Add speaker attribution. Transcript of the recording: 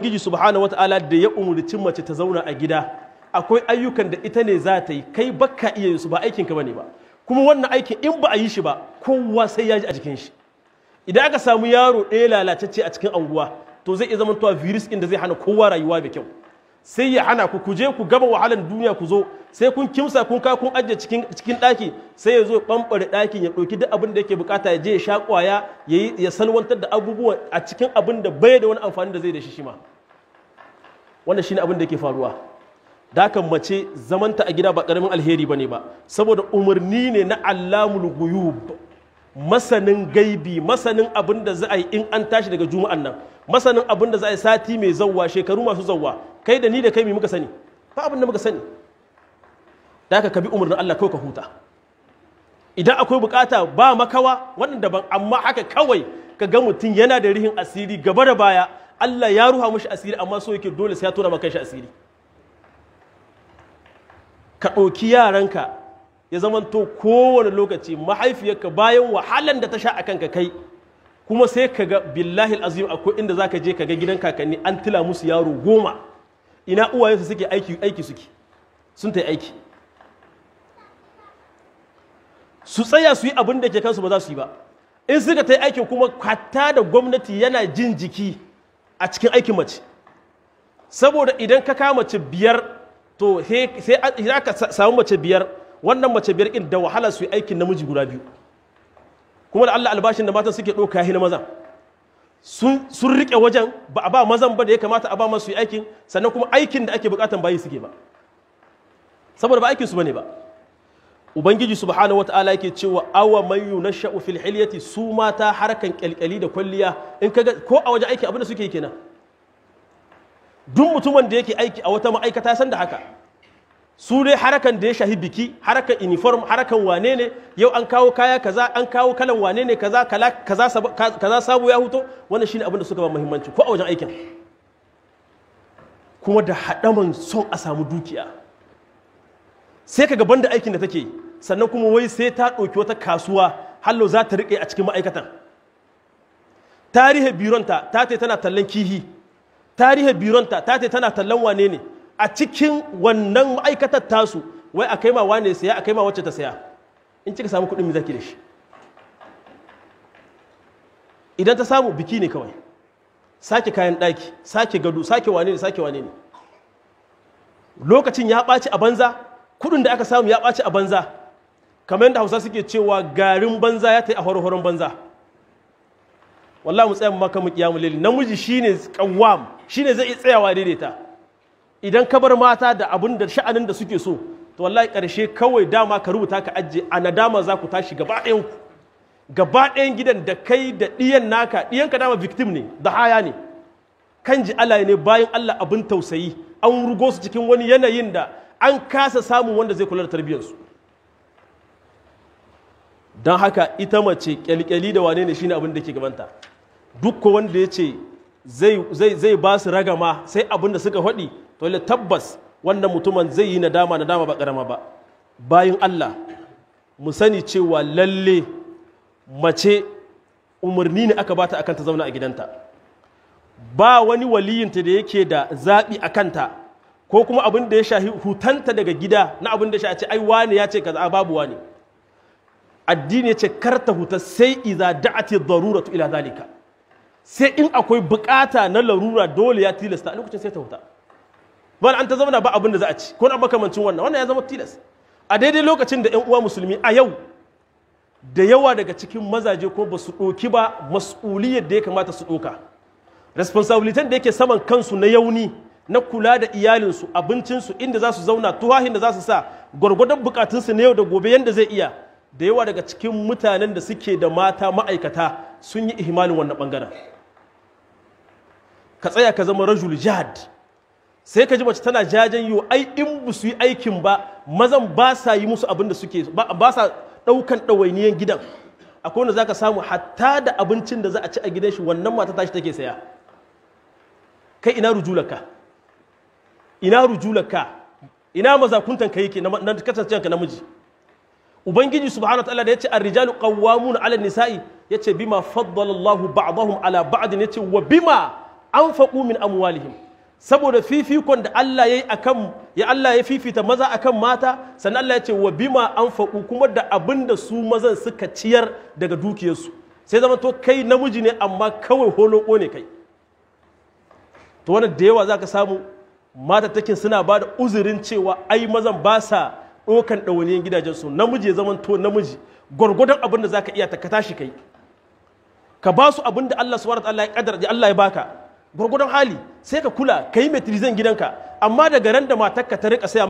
Speaker 1: Ubangiji subhanahu wata'ala da ya umurci mace ta zauna a gida akwai ayyukan da ita ne za ta yi kai baka iya yin su ba aikin ka bane ba kuma wannan aikin in ba a yi shi ba kowa sai ya ji a jikin shi idan aka samu yaro ɗaya lalatacce a cikin anguwa to zai iya zamantowa virus ɗin da zai hana kowa rayuwa da kyau sai ya hana ku kuje ku gama wahalan duniya ku zo sai kun kimsa kun ka kun ajiye cikin cikin ɗaki sai ya zo ya ɓamɓare dakin ya ɗauki duk abin da yake bukata ya je ya sha kwaya ya salwantar da abubuwa a cikin abin da bai da wani amfani da zai da shi shi ma wannan shine abin da yake faruwa dakan mace zamanta a gida ba karamin alheri bane ba saboda umarni ne na allamul guyub masanin gaibi masanin abin da za a yi in an tashi daga juma'an nan masanin abin da za a yi sati mai zawwa shekaru masu zawwa kai da ni da kai mai muka sani ba abin da muka sani da aka ka bi umarnin Allah kawai ka huta idan akwai bukata ba makawa wannan daban amma haka kawai ka ga mutum yana da rihin asiri gaba da baya Allah ya ruha mashi asiri amma so yake dole sai ya tura maka shi asiri ka ɗauki yaranka ya zamanto kowane lokaci mahaifiyarka bayan wahalan da ta sha a kanka kai kuma sai ka ga billahi azim akwai inda za ka je ka ga gidan kakanni an tila musu yaro goma ina uwayensu suke aiki aiki suke sun ta aiki su tsaya su yi abin da ke kansu ba za su yi ba in suka ta yi aikin kuma kwata da gwamnati yana jin jiki a cikin aikin mace saboda idan ka kama mace biyar to sai za ka samu mace biyar wannan mace biyar in da wahala su yi aikin namiji guda biyu kuma da Allah albashin da matan suke ɗauka ya na maza sun riƙe wajen ba a ba mazan ba da ya kamata a ba masu yi aikin sannan kuma aikin da ake bukatan bayi suke ba saboda ba aikin su bane ba ubangiji subhanahu wataala yake cewa awa man yunasha'u fil hilyati su mata harkan kyalkyali da kwalliya in kaga ko a wajen aiki abin da suke kenan duk mutumin da yake aiki a wata ma'aikata san da haka su dai harakan da ya shahi biki harakan uniform harakan wane ne yau an kawo kaya kaza an kawo kalan wane ne kaza kaza kaza sabo ya huto wannan shine abin da suka ba muhimmanci ko a wajen aikin kuma da hadaman son a samu dukiya sai ka gaban da aikin da take sannan kuma wai sai ta ɗauki wata kasuwa hallo za ta riƙe a cikin ma'aikatan tarihin bironta ta ce tana tallan kihi tarihin bironta ta ce tana tallan wane ne a cikin wannan ma'aikatar tasu wai a kai ma wane saya a kai ma wacce ta saya in cika samu kuɗin zaki da shi idan ta samu biki ne kawai sake kayan ɗaki sake gado sake wane ne sake wane ne lokacin ya ɓaci a banza kuɗin da aka samu ya ɓaci a banza kamar yadda hausa suke cewa garin banza ya ta yi a horohoron banza wallah mu tsaya mu maka mu kiyamu lili namiji shine kawam shine zai iya tsayawa daidaita idan ka bar mata da abin da sha'anin da suke so to wallahi ƙarshe kawai dama ka rubuta ka ajiye a nadama za ku tashi gaba ɗayan ku gaba ɗayan gidan da kai da ɗiyan naka ɗiyan ka dama victim ne da haya ne kan ji Allah ne bayan Allah abin tausayi an rugo su cikin wani yanayin da an kasa samun wanda zai kula da tarbiyyarsu don haka ita mace kyalkyali da wane ne shine abin da ke gabanta duk wanda ya ce zai ba su ragama sai abin da suka faɗi to tabbas wannan mutumin zai yi nadama nadama ba karama ba bayan Allah mu sani cewa lalle mace umarni ne aka bata akan ta zauna a gidanta ba wani waliyinta da yake da zaɓi a kanta ko kuma abin da ya sha hutanta daga gida na abin da ya ce ai wani ya ce kaza babu wani. addini ya ce karta huta sai iza da'ati zarura ila zalika sai in akwai bukata na larura dole ya tilasta a lokacin sai ta huta bal an ta zauna ba abin da za a ci ko na makamancin wannan wannan ya zama tilas a daidai lokacin da yan uwa musulmi a yau da yawa daga cikin mazaje ko ba su ɗoki ba mas'uliyar da ya kamata su ɗoka responsabilitan da yake saman kansu na yauni na kula da iyalinsu abincinsu inda za su zauna tuhahin da za su sa gwargwadon bukatunsu na yau da gobe yadda zai iya da yawa daga cikin mutanen da suke da mata ma'aikata sun yi ihimalin wannan bangaren ka tsaya ka zama rajul jihad sai ka ji mace tana jajen yiwu ai in ba su yi aikin ba mazan ba sa yi musu abin da suke ba sa ɗaukan ɗawainiyan gidan akwai wanda ka samu hatta da abincin da za a ci a gidan shi wannan mata tashi take saya kai ina rujulaka ina rujulaka ina mazakuntan ka yake na ka namiji ubangiji subhanahu wataala da yace ar-rijalu qawwamuna 'ala an-nisa'i yace bima faddala Allahu ba'dahum 'ala ba'd yace wa bima anfaqu min amwalihim saboda fifikon da Allah ya yi kan ya Allah ya fifita maza akan mata sannan Allah ya ce wa bima an faɗu kuma da abin da su mazan suka ciyar daga dukiyarsu sai zama to kai namiji ne amma kawai holoko ne kai to wannan da yawa za ka samu mata takin suna ba da uzurin cewa ai mazan ba sa ɗaukan ɗawainiyar gidajensu namiji ya zama to namiji gwargwadon abin da za ka iya ta ka tashi kai ka ba su abin da Allah subhanahu wa ta'ala ya Allah ya baka gwargwadon hali sai ka kula ka yi matirizan gidanka amma daga ran da matarka ta rika saya